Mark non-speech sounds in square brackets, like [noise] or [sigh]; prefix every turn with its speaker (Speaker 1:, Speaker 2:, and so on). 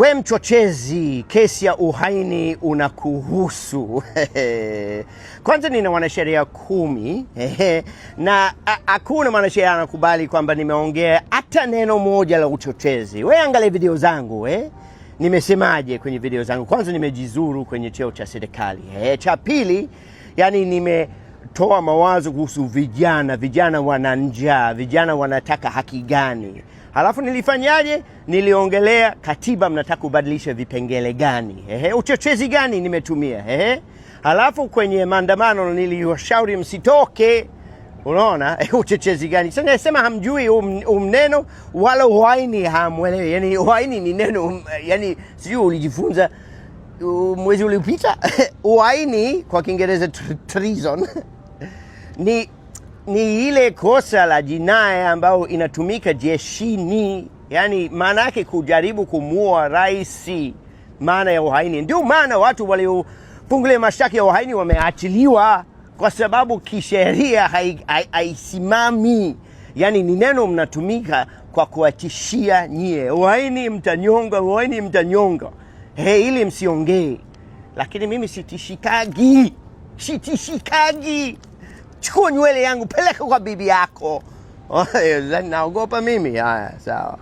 Speaker 1: We mchochezi, kesi ya uhaini unakuhusu. [laughs] Kwanza nina mwanasheria kumi [laughs] na hakuna mwanasheria anakubali kwamba nimeongea hata neno moja la uchochezi. We angalia video zangu eh? Nimesemaje kwenye video zangu? Kwanza nimejizuru kwenye cheo cha serikali eh. Cha pili, yani nime toa mawazo kuhusu vijana. Vijana wana njaa, vijana wanataka haki gani? Halafu nilifanyaje? Niliongelea katiba, mnataka kubadilisha vipengele gani? Ehe, uchochezi gani nimetumia? Ehe, halafu kwenye maandamano niliwashauri msitoke. Unaona [laughs] uchochezi gani? Sasa sema hamjui umneno um, um wala uhaini hamwelewi. Yani uhaini ni neno, um, yani sijui ulijifunza um, mwezi uliopita [laughs] uhaini kwa Kiingereza treason [laughs] ni ni ile kosa la jinai ambayo inatumika jeshini, yani maana yake kujaribu kumuua rais, maana ya uhaini. Ndio maana watu waliofungulia mashtaka ya uhaini wameachiliwa, kwa sababu kisheria haisimami hai, yani ni neno mnatumika kwa kuwatishia nyie, uhaini mtanyonga, uhaini mtanyonga, he, ili msiongee. Lakini mimi sitishikagi, sitishikagi chukua nywele yangu, peleka kwa bibi yako. [laughs] Naogopa mimi. Haya, sawa.